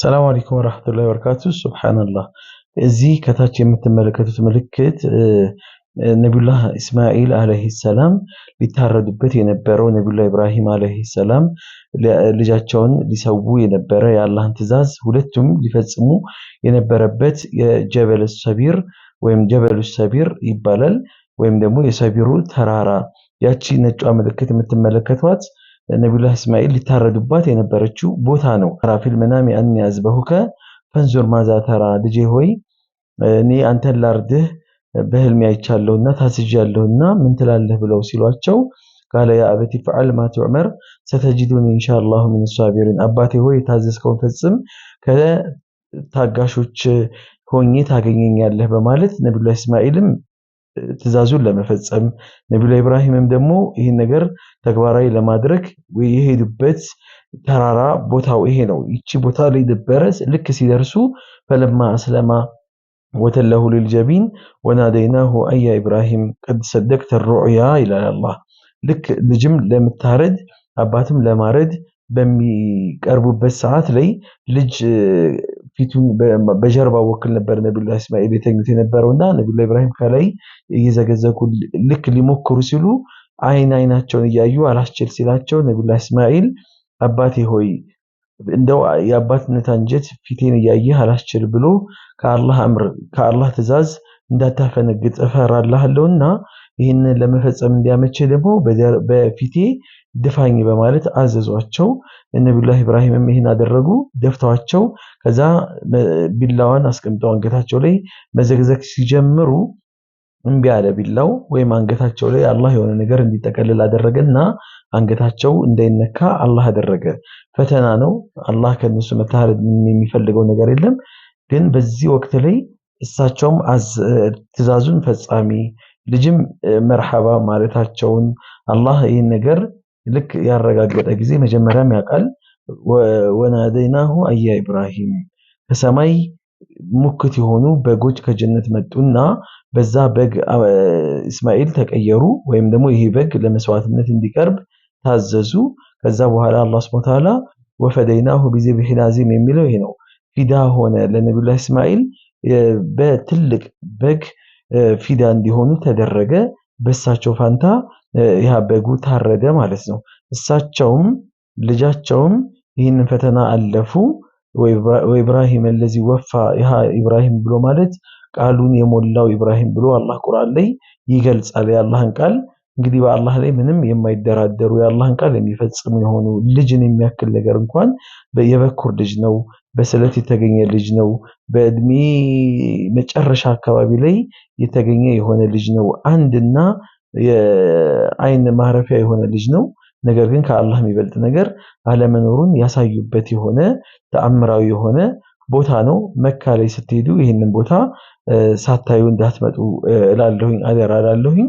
ሰላም አለይኩም ወራህመቱላሂ ወበረካቱ። ሱብሃንአላህ። እዚህ ከታች የምትመለከቱት ምልክት ነቢዩላህ ኢስማኤል አለይሂ ሰላም ሊታረዱበት የነበረው ነቢዩላህ ኢብራሂም አለይሂ ሰላም ልጃቸውን ሊሰዉ የነበረ የአላህን ትዕዛዝ ሁለቱም ሊፈጽሙ የነበረበት የጀበለ ሰቢር ወይም ጀበሉ ሰቢር ይባላል ወይም ደግሞ የሰቢሩ ተራራ ያቺ ነጯ ምልክት የምትመለከቷት ነቢዩላህ እስማኤል ሊታረዱባት የነበረችው ቦታ ነው። ራፊል መናሚ አን ያዝበሁከ ፈንዞር ማዛ ተራ፣ ልጄ ሆይ እኔ አንተን ላርድህ በህልሜ አይቻለሁና ታስጃለሁና ምን ትላለህ ብለው ሲሏቸው ቃለ ያ አበቲ ፍዓል ማ ቱዕመር ሰተጅዱን ኢንሻላሁ ምን ሳቢሪን፣ አባቴ ሆይ የታዘዝከውን ፈጽም ከታጋሾች ሆኜ ታገኘኛለህ በማለት ነቢዩላህ እስማኤልም ትእዛዙን ለመፈጸም ነቢዩ ኢብራሂምም ደግሞ ይህን ነገር ተግባራዊ ለማድረግ የሄዱበት ተራራ ቦታው ይሄ ነው። ይቺ ቦታ ላይ ደበረስ ልክ ሲደርሱ ፈለማ አስለማ ወተለሁ ልልጀቢን ወናደይናሁ አያ ኢብራሂም ቀድ ሰደቅተ ሩዕያ ይላል አላህ። ልክ ልጅም ለምታረድ አባትም ለማረድ በሚቀርቡበት ሰዓት ላይ ልጅ ፊቱ በጀርባ ወክል ነበር ነቢዩላህ እስማኤል የተኙት የነበረው እና ነቢዩላህ ኢብራሂም ከላይ እየዘገዘጉ ልክ ሊሞክሩ ሲሉ አይን አይናቸውን እያዩ አላስችል ሲላቸው ነቢዩላህ እስማኤል አባቴ ሆይ እንደው የአባትነት አንጀት ፊቴን እያየህ አላስችል ብሎ ከአላህ አምር ከአላህ ትእዛዝ እንዳታፈነግጥ እፈራልሃለሁና ይህንን ለመፈጸም እንዲያመቸ ደግሞ በፊቴ ድፋኝ በማለት አዘዟቸው። ነቢዩላህ ኢብራሂምም ይህን አደረጉ። ደፍተዋቸው ከዛ ቢላዋን አስቀምጠው አንገታቸው ላይ መዘግዘግ ሲጀምሩ እምቢ አለ ቢላው፣ ወይም አንገታቸው ላይ አላህ የሆነ ነገር እንዲጠቀልል አደረገና አንገታቸው እንዳይነካ አላህ አደረገ። ፈተና ነው። አላህ ከነሱ መታረድ የሚፈልገው ነገር የለም። ግን በዚህ ወቅት ላይ እሳቸውም ትዕዛዙን ፈጻሚ ልጅም መርሐባ ማለታቸውን አላህ ይህን ነገር ልክ ያረጋገጠ ጊዜ መጀመሪያም ያውቃል። ወናደይናሁ አያ ኢብራሂም ከሰማይ ሙክት የሆኑ በጎች ከጀነት መጡና በዛ በግ እስማኤል ተቀየሩ ወይም ደግሞ ይሄ በግ ለመስዋዕትነት እንዲቀርብ ታዘዙ። ከዛ በኋላ አላህ ሱብሓነሁ ወተዓላ ወፈደይናሁ ቢዚብሒን ዓዚም የሚለው ይሄ ነው። ፊዳ ሆነ ለነቢዩላህ እስማኤል በትልቅ በግ ፊዳ እንዲሆኑ ተደረገ። በእሳቸው ፋንታ ያ በጉ ታረደ ማለት ነው። እሳቸውም ልጃቸውም ይህንን ፈተና አለፉ። ወኢብራሂም ለዚ ወፋ ይሃ ኢብራሂም ብሎ ማለት ቃሉን የሞላው ኢብራሂም ብሎ አላህ ቁርአን ላይ ይገልጻል የአላህን ቃል እንግዲህ በአላህ ላይ ምንም የማይደራደሩ የአላህን ቃል የሚፈጽሙ የሆኑ ልጅን የሚያክል ነገር እንኳን የበኩር ልጅ ነው፣ በስለት የተገኘ ልጅ ነው፣ በእድሜ መጨረሻ አካባቢ ላይ የተገኘ የሆነ ልጅ ነው። አንድና የአይን ማረፊያ የሆነ ልጅ ነው። ነገር ግን ከአላህ የሚበልጥ ነገር አለመኖሩን ያሳዩበት የሆነ ተአምራዊ የሆነ ቦታ ነው። መካ ላይ ስትሄዱ ይህንን ቦታ ሳታዩ እንዳትመጡ እላለሁኝ፣ አደራ እላለሁኝ።